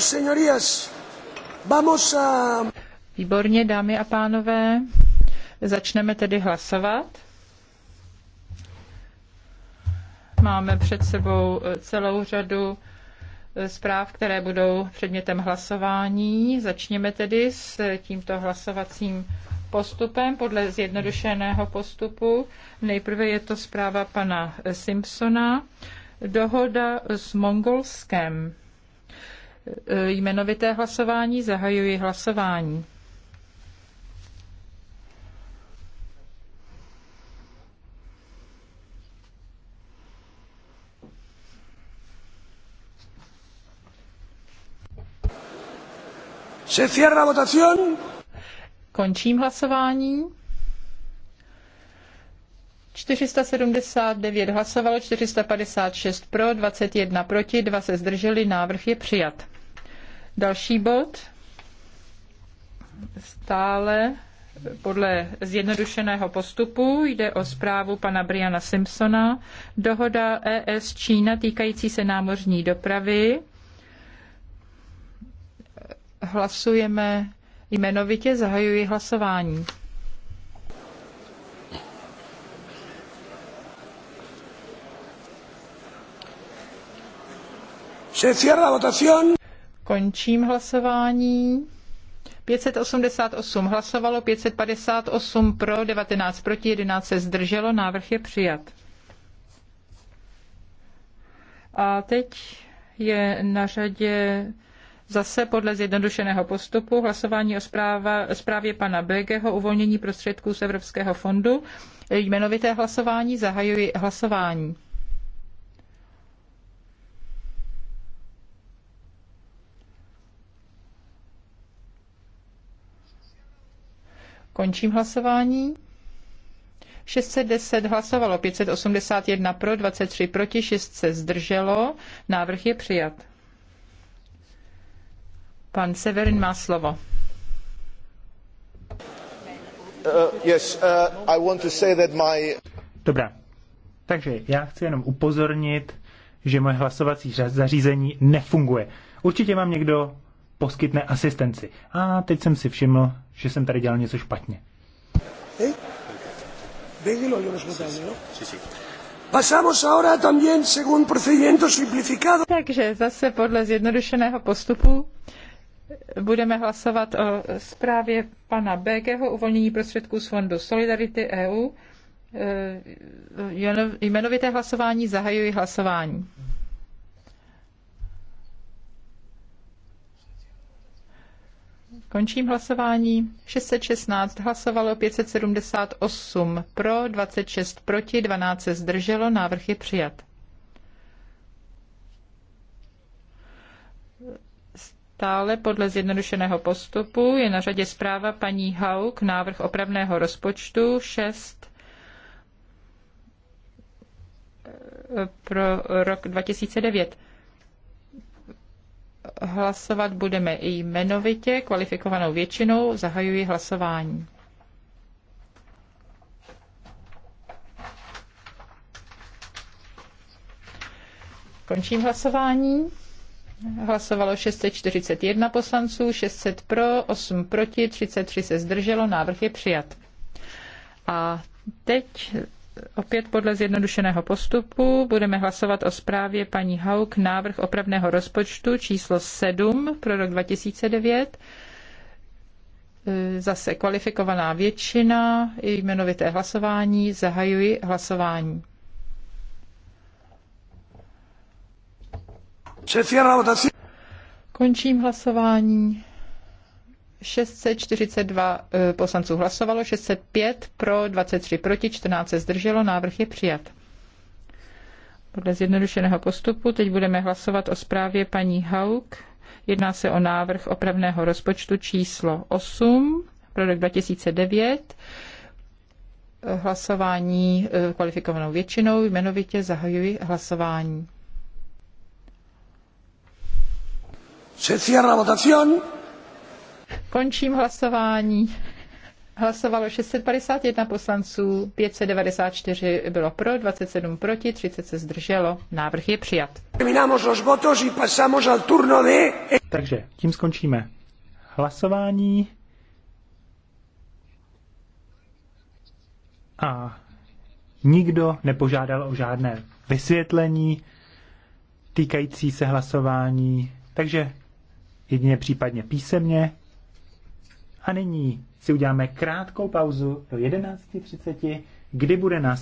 señorías. Vamos a... Výborně, dámy a pánové. Začneme tedy hlasovat. Máme před sebou eh, celou řadu eh, zpráv, které budou předmětem hlasování. Začněme tedy s eh, tímto hlasovacím postupem podle zjednodušeného postupu. Nejprve je to zpráva pana Simpsona. Dohoda s Mongolskem. Eh, jmenovité hlasování. Zahajuji hlasování. Se cierra votación. Končím hlasování. 479 hlasovalo, 456 pro, 21 proti, 2 se zdrželi, návrh je přijat. Další bod. Stále podle zjednodušeného postupu jde o zprávu pana Briana Simpsona, dohoda ES Čína týkající se námořní dopravy. Hlasujeme jmenovitě, zahajuji hlasování. Se cierra la votación. Končím hlasování. 588 hlasovalo, 558 pro, 19 proti, 11 se zdrželo, návrh je přijat. A teď je na řadě zase podle zjednodušeného postupu hlasování o zpráva, zprávě pana Begeho uvolnění prostředků z Evropského fondu. Jmenovité hlasování zahajuji hlasování. Končím hlasování. 610 hlasovalo, 581 pro, 23 proti, 6 se zdrželo. Návrh je přijat. Pan Severin má slovo. Uh, yes, uh, I want to say that my... Dobrá. Takže já chci jenom upozornit, že moje hlasovací zařízení nefunguje. Určitě mám někdo poskytne asistenci. A teď jsem si všiml, že jsem tady dělal něco špatně. ¿Eh? ¿no? ahora también según procedimiento simplificado. Takže zase podle zjednodušeného postupu budeme hlasovat o zprávě pana Bégeho uvolnění prostředků z Fondu Solidarity EU. E, jmenovité hlasování zahajuji hlasování. Končím hlasování. 616 hlasovalo, 578 pro, 26 proti, 12 se zdrželo, návrh je přijat. Stále podle zjednodušeného postupu je na řadě zpráva paní Hauk, návrh opravného rozpočtu 6 pro rok 2009. Hlasovat budeme i jmenovitě, kvalifikovanou většinou. Zahajuji hlasování. Končím hlasování. Hlasovalo 641 poslanců, 600 pro, 8 proti, 33 se zdrželo, návrh je přijat. A teď opět podle zjednodušeného postupu budeme hlasovat o zprávě paní Hauk návrh opravného rozpočtu číslo 7 pro rok 2009. E, zase kvalifikovaná většina, jmenovité hlasování, zahajuji hlasování. Končím hlasování. 642 eh, poslanců hlasovalo, 605 pro, 23 proti, 14 se zdrželo, návrh je přijat. Podle zjednodušeného postupu teď budeme hlasovat o zprávě paní Hauk. Jedná se o návrh opravného rozpočtu číslo 8 pro rok 2009. Hlasování eh, kvalifikovanou většinou jmenovitě zahajuji hlasování. Se cierra votación. Končím hlasování. Hlasovalo 651 poslanců, 594 bylo pro, 27 proti, 30 se zdrželo. Návrh je přijat. Takže tím skončíme hlasování. A nikdo nepožádal o žádné vysvětlení týkající se hlasování, takže jedině případně písemně. A nyní si uděláme krátkou pauzu do 11.30, kdy bude nás